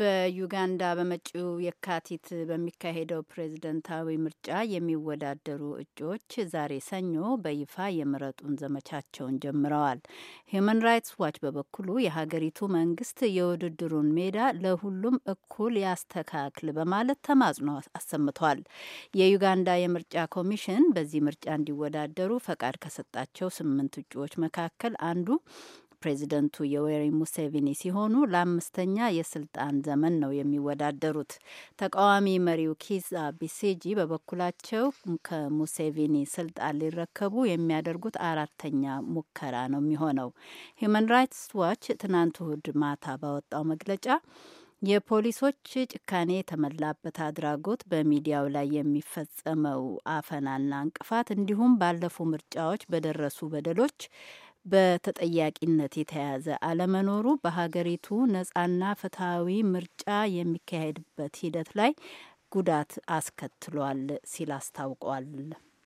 በዩጋንዳ በመጪው የካቲት በሚካሄደው ፕሬዝደንታዊ ምርጫ የሚወዳደሩ እጩዎች ዛሬ ሰኞ በይፋ የምረጡን ዘመቻቸውን ጀምረዋል። ሂዩማን ራይትስ ዋች በበኩሉ የሀገሪቱ መንግስት የውድድሩን ሜዳ ለሁሉም እኩል ያስተካክል በማለት ተማጽኖ አሰምቷል። የዩጋንዳ የምርጫ ኮሚሽን በዚህ ምርጫ እንዲወዳደሩ ፈቃድ ከሰጣቸው ስምንት እጩዎች መካከል አንዱ ፕሬዚደንቱ ዮዌሪ ሙሴቪኒ ሲሆኑ ለአምስተኛ የስልጣን ዘመን ነው የሚወዳደሩት። ተቃዋሚ መሪው ኪዛ ቢሲጂ በበኩላቸው ከሙሴቪኒ ስልጣን ሊረከቡ የሚያደርጉት አራተኛ ሙከራ ነው የሚሆነው። ሂዩማን ራይትስ ዋች ትናንት እሁድ ማታ ባወጣው መግለጫ የፖሊሶች ጭካኔ የተመላበት አድራጎት በሚዲያው ላይ የሚፈጸመው አፈናና እንቅፋት እንዲሁም ባለፉ ምርጫዎች በደረሱ በደሎች በተጠያቂነት የተያዘ አለመኖሩ በሀገሪቱ ነጻና ፍትሐዊ ምርጫ የሚካሄድበት ሂደት ላይ ጉዳት አስከትሏል ሲል አስታውቋል።